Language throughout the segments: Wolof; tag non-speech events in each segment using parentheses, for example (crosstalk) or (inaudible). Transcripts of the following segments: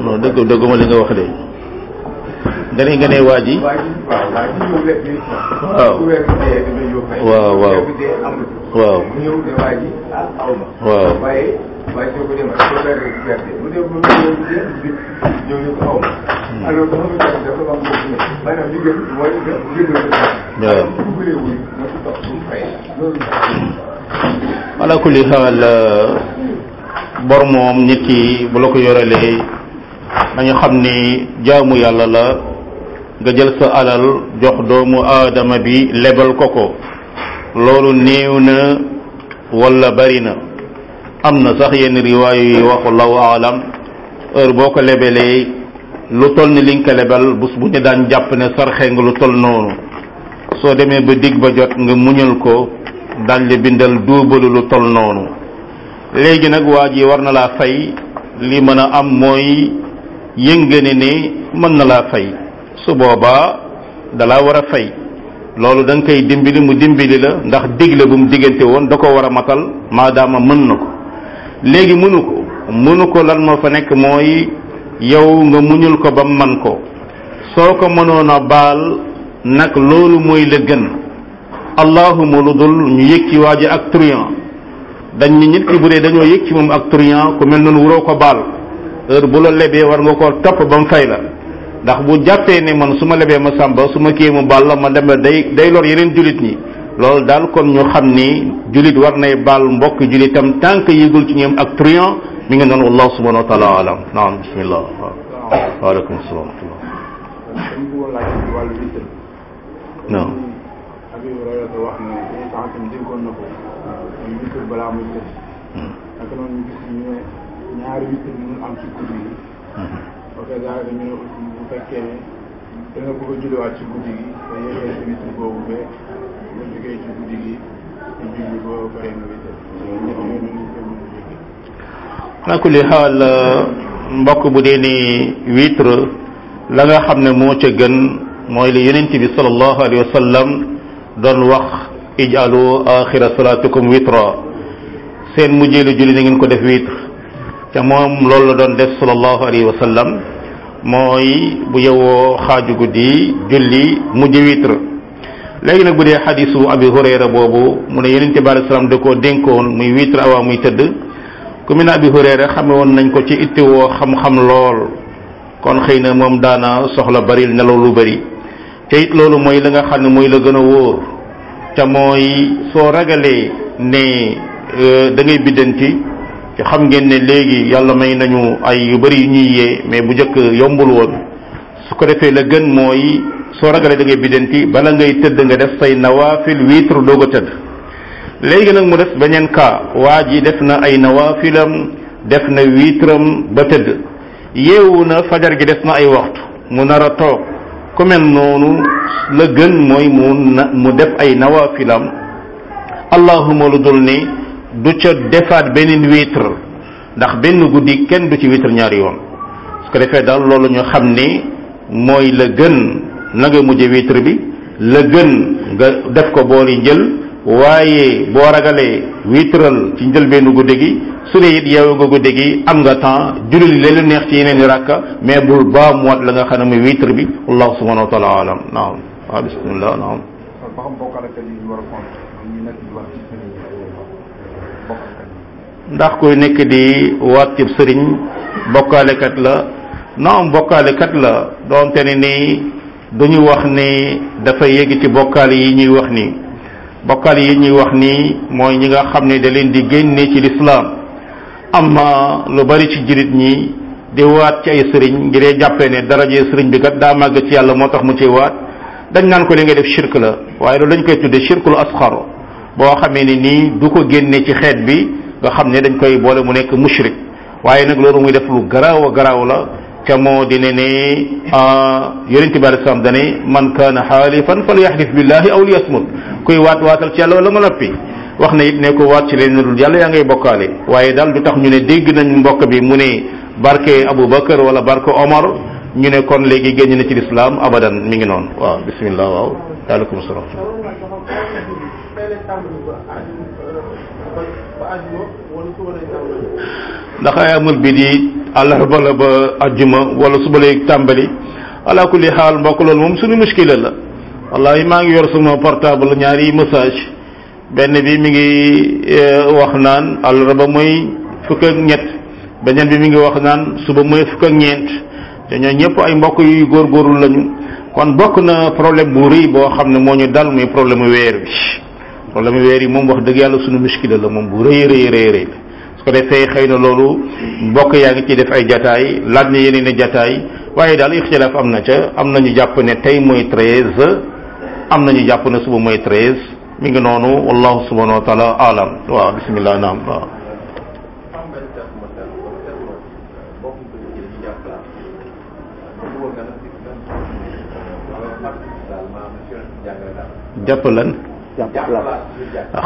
non dëgg dëgguma li nga wax de nga ne nga ne waa ji waaw waaw waaw waaw waaw ala kulli xaal euh, bor moom nit ki bu la ko yorelee nañu xam ni jaamu yàlla la nga jël sa alal jox doomu aadama bi lebal ko ko loolu néew na wala bari na am na sax yenn riwaayu yi waxullahu aalam heure boo ko lebelee lu toll ni liñ ko lebal bés bu daan jàpp ne sarxe nga lu toll noonu soo demee ba digg ba jot nga muñal ko daan la bindal duubalu lu toll noonu léegi nag waa ji war na laa fay li mën a am mooy yënga ne ni mën na laa fay su boobaa dalaa war a fay loolu da koy dimbali mu dimbali la ndax digle bu mu diggante woon da ko war a matal maadaama mën na ko léegi mënu ko mënu ko lan moo fa nekk mooy yow nga muñul ko ba mu man ko soo ko mënoon a baal nag loolu mooy la gën allahuma lu dul ñu yéeg ci waa ji ak truand dañ ni nit ki dañoo yëg ci moom ak truand ku mel noonu waroo ko baal heure bu la lebee war nga koo topp ba mu fay la ndax bu jàppee ni man su ma lebee ma sàmba su ma kii mu baal la ma dem la day day lor yeneen jullit ñi loolu daal kon ñu xam ni jullit war nay baal mbokk jullitam tànk yëgul ci ñoom ak truand mi ngi noonu wallahu subhanahu wa taala alam naam bismillah waaleykum salaam non hmm. ñaari witr mënul am ci guddi gi. ba kay daal dañu ne aussi bu fekkee da nga bëgg a julliwaat ci guddi gi te yéexee ci witr boobu ba nga jógee ci guddi gi te julli boo paree nga witr. ñoom ñëpp ñoo ñu ko mën a jógee. ala kulli xaal euh, mbokk bu dee ni witr la nga xam ne moo ca gën mooy li yonent bi sallallahu alayhi wa sallam doon wax ijalu axira salaatukum witra seen mujjeelu julli na ngeen ko def witr ca moom loolu la doon def sallallahu alayhi wa sallam mooy bu yewoo xaaju guddi julli mujj witr léegi nag bu dee xadisu abi hurayra boobu mu ne yenente ba alei salaam da koo dénkoon muy witr awaa muy tëdd ku mu ne abi hurayra xame woon nañ ko ci ittiwoo xam-xam lool kon xëy na moom daana soxla baril nelaw lu bari te it loolu mooy la nga xam ne mooy la gën a wóor te mooy soo ragalee ne euh, da ngay biddanti te xam ngeen ne léegi yàlla may nañu ay yu bari yu ñuy yee mais bu njëkk yombul woon su ko defee la gën mooy soo ragalee da ngay biddanti bala ngay tëdd nga def say nawaafil witre doo ko tëdd léegi nag mu des beneen cas waa ji def na ay nawaafilam def na witram ba tëdd yeewu na fajar gi def na ay waxtu mu nar a toog ku mel noonu la gën mooy mu mu def ay nawaafilam allahuma lu dul ni du ca defaat beneen witr ndax benn guddi kenn du ci witr ñaari yoon su ko defee daal loolu ñu xam ni mooy la gën na nga mujje witr bi la gën nga def ko boori jël waaye boo ragalee witral ci jël benn guddi gi su dee it yow nga guddi gi am nga temps julli leen lu neex ci yeneen i rakka mais bul baa muwaat la nga xam ne muy witr bi allahu subhanahu wa taala alam naam bismillah naam ndax kuy nekk di waat cib sëriñ bokkaalekat la naam bokkaalekat la doonte ni nii duñu wax ni dafa yéegi ci bokkaal yi ñuy wax nii bokkaal yi ñuy wax nii mooy ñi nga xam ne da leen di génne ci lislaam na lu bari ci jullit ñi di waat ci ay sëriñ ngi dee jàppee ne darajee sëriñ bi kat daa màgg ci yàlla moo tax mu ciy waat dañ naan ko li nga def shirk la waaye loolu lañ koy tuddee shirkul asxar boo xamee ne nii du ko génne ci xeet bi nga xam ne dañ koy boole mu nekk mushrik waaye nag loolu muy def lu garaaw a garaaw la ca moo di ne ne ah, yonente bi alei salaam dane man kaana xaalifan falyaxlif billahi aw liyasmut kuy waat waatal ci yàlla wala nga noppi wax na it ne ko waat ci leen dul yàlla yaa ngay bokkaale waaye daal du tax ñu ne dégg nañ mbokk bi mu ne barke Aboubacar wala barke Omar ñu ne kon léegi génn na ci lislaam abadan mi ngi noonu waaw bismillah waaw waaleykum salaam ndax ayaamul bi di àllarba la ba ajjuma wala suba lay tàmbali ala kulli xaal mbokk loolu moom suñu muskila la wallahi maa ngi yor sama portable ñaari message benn bi mi ngi eh, wax naan àllarba mooy fukk ak ñett beneen bi mi ngi wax naan suba mooy fukk ak ñeent te ñoo ñëpp ay mbokk yu góorgóorlu lañu kon bokk na problème bu rëy boo xam ne moo ñu dal muy problème weer bi problème weer yi moom wax dëgg yàlla sunu muskila la moom bu rëy rëy rëy rëy su ko defee xëy na loolu mbokk yaa ngi ci def ay jataay laaj na yeneen jataay waaye daal ixtilaaf am na ca am nañu jàpp ne tey mooy treize am nañu jàpp ne suba mooy treize mi ngi noonu wallahu subhanahu wa taala alam waaw bismillah naam waaw jàpp lan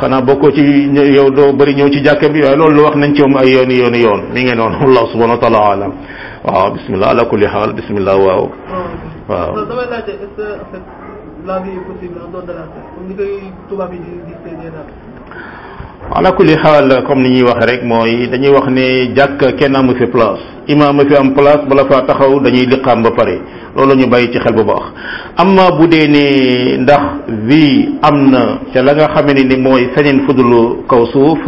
xanaa bokkoo ci yow doo bëri ñëw ci jàkka bi waaye loolu wax nañ ci moom ay yooni yooni yoon mi ngeen noonu wallahu (laughs) subhanahu wa taala alam waaw bismillah ala kulli xaal bismillah waaw waaw damay ala kulli xaal comme ni ñuy wax rek mooy dañuy wax ne jàkk kenn amu fi place imaam a fi am place bala faa taxaw dañuy am ba pare loolu ñu bàyyi ci xel bu baax amma bu dee ne ndax vie am na ca la nga xamee ne ni mooy feneen fudulu kaw suuf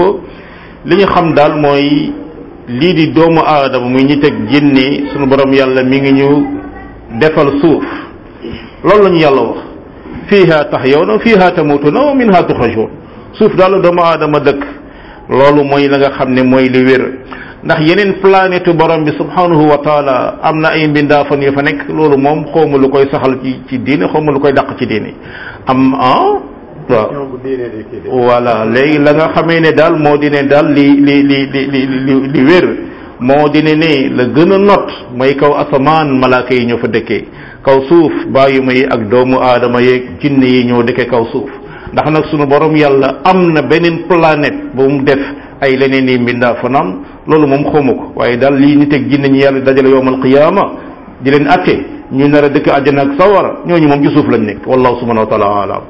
li ñu xam daal mooy lii di doomu aadama muy nit ak jinne sunu borom yàlla mi ngi ñu defal suuf loolu la yàlla wax fiiha tahyawna fiiha tamutuna wa minha tukhrajun suuf daal doomu aadama dëkk loolu mooy la nga xam ne mooy li wér ndax yeneen planète borom bi subhanahu wa taala am na ay mbindaafan yu fa nekk loolu moom xawma lu koy saxal ci ci diine xawma lu koy dàq ci diine am ah voilà léegi la nga xamee ne daal moo di ne daal li li li li li li li wér moo di ne la gën a not mooy kaw asamaan malaaka yi ñoo fa dëkkee kaw suuf bàyyi ma yi ak doomu aadama yeeg jinne yi ñoo dëkkee kaw suuf ndax nag sunu borom yàlla am na beneen planète bu mu def ay leneen yi mbindaa fanaan loolu moom xawma ko waaye daal lii nit ak jinne ñi yàlla dajale yowmal qiyaama di leen atte ñu nar a dëkk àjjana ak sawara ñooñu moom ci suuf lañ nekk wallahu subhanahu wa taala alam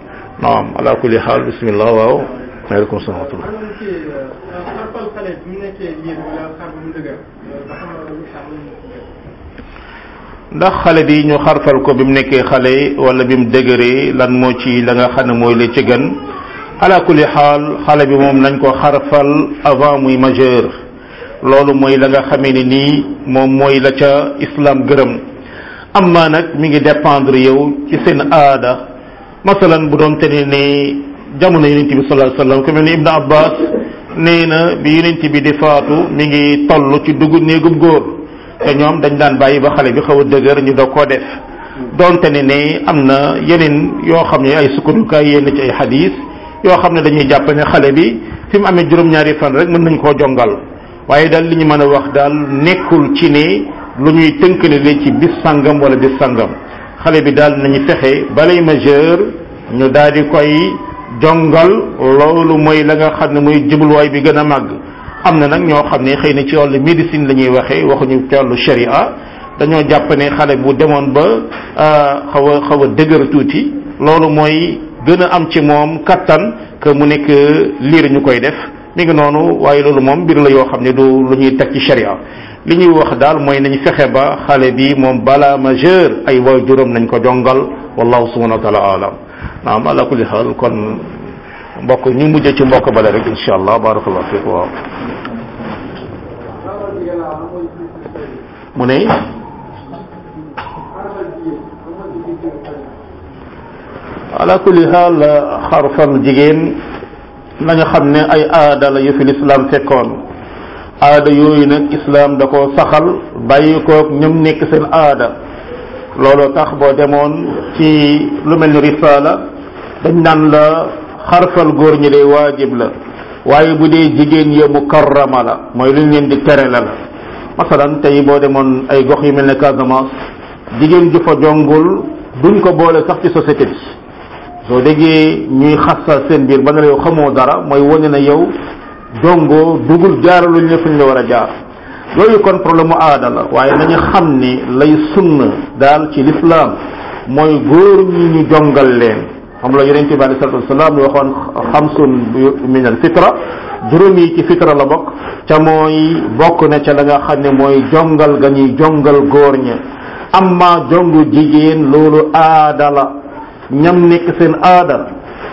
naam ala kulli xaal bismillah waaw maaleykum salaam wa rahmatullah ndax xale bi ñu xarfal ko bi mu nekkee xale wala bi mu dëgëree lan moo ci la nga xam ne mooy la ci gën ala kulli xaal xale bi moom lañ ko xarfal avant muy majeur loolu mooy la nga xamee ne nii moom mooy la ca islam gërëm amma nag mi ngi dépendre yow ci seen aada masalan bu doon te ne ne jamono yonent bi sallallahu alayhi wasallam ku mel ni Ibn Abbas nee na bi yonent bi di faatu mi ngi toll ci dugg néegub góor te ñoom dañu daan bàyyi ba xale bi xaw a dëgër ñu doog koo def donte ne ne am na yeneen yoo xam ne ay sukkandukaay yenn ci ay xadiis yoo xam ne dañuy jàpp ne xale bi fi mu amee juróom-ñaari fan rek mën nañ koo jongal waaye daal li ñu mën a wax daal nekkul ci ne lu ñuy tënkale leen ci bis sangam wala bis sangam xale bi daal nañu fexe balay majeur ñu daal di koy jongal loolu mooy la nga xam ne mooy jubluwaay bi gën a màgg am na nag ñoo xam ne xëy na ci wàllu médecine la ñuy waxee waxuñu ci wàllu sharia dañoo jàpp ne xale bu demoon ba euh, xaw a xaw a dëgër tuuti loolu mooy gën a am ci moom kattan que mu nekk liir ñu koy def mi ngi noonu waaye loolu moom mbir la yoo xam ne du lu ñuy teg ci sharia li ñuy wax daal mooy nañ fexe ba xale bi moom balaa majeur ay juróom nañ ko jongal wallahu subhanahu wa taala alam naam ala xaal kon mbokk ñu mujj ci mbokk bala rek insha allah barakallahu mu ne ala kulli xaal xarfal jigéen nañu xam ne ay aada la yu fi lislaam fekkoon aada yooyu nag islaam da koo saxal bàyyi koog ñoom nekk seen aada looloo tax boo demoon ci lu mel ni risaala dañ naan la xarfal góor ñi day waajib la waaye bu dee jigéen ya mukarrama la mooy lu ñu leen di tere la la masalan tey boo demoon ay gox yu mel ne Casamance jigéen ju fa jongul duñ ko boole sax ci société bi soo déggee ñuy xasal seen biir ba ne la yow xamoo dara mooy wane na yow dongoo dugul jaaraluñ ne fuñ la war a jaar loolu kon problème mu aada la waaye nañu xam ni lay sunna daal ci lislaam mooy góor ñi ñu jongal leen xam la yonente bi alei salatu wasalaam waxoon xamsun min al fitra juróom yi ci fitra la bokk ca mooy bokk na ca la nga xam ne mooy jongal ga ñuy jongal góor ña amma jongu jigéen loolu aada la ñam nekk seen aada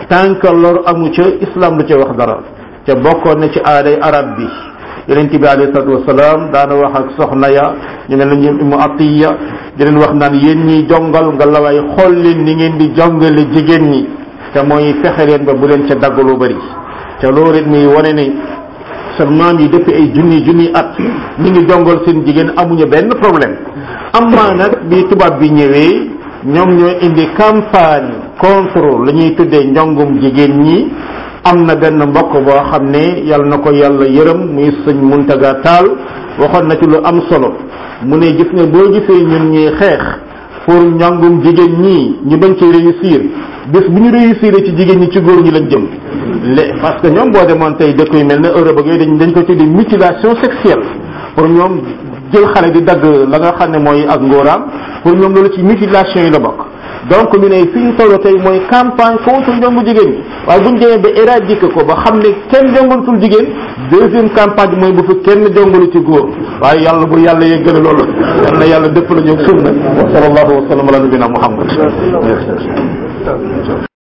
tànk lor amu ca islam lu ca wax dara ca bokkoon na ci aaday arab bi yonent bi alayhi salaatu wasalaam daana wax ak soxna ya ñu mel ne ñu mu atiya di leen wax naan yéen ñuy jongal nga lawaay xool leen ni ngeen di jongale jigéen ñi te mooy fexe leen ba bu leen ca dagg lu bari te loo it muy wane ni sa maam yi depuis ay junni junni at ñi ngi jongal seen jigéen amuñu benn problème am maa nag bi tubaab bi ñëwee ñoom ñoo indi campagne contre la ñuy tuddee njongum jigéen ñi am na benn mbokk boo xam ne yàlla na ko yàlla yërëm muy sëñ Muntaga Taal waxoon na ci lu am solo mu ne gis nga boo gisee ñun ñuy xeex pour njàngum jigéen ñi ñu bañ ci réussir bis bu ñu réussir ci jigéen ñi ci góor ñi lañ jëm lé parce que ñoom boo demoon tey dëkk yu mel ne Europe ak yooyu dañ dañ ko tuddee mutilation sexuelle pour ñoom jël xale di dagg la nga xam ne mooy ak ngóoraam pour ñoom loolu ci mutilation yi la bokk donc ñu ne fi ñu tey mooy campagne contre njëngu jigéen ñi waaye bu ñu demee ba éradiquer ko ba xam ne kenn jëngalatul jigéen deuxième campagne bi mooy bu fi kenn jëngalu ci góor waaye yàlla bu yàlla yeggale loolu a na yàlla dëpp la ñëw sunna wa sallallahu wa sallam ala nabina muhammad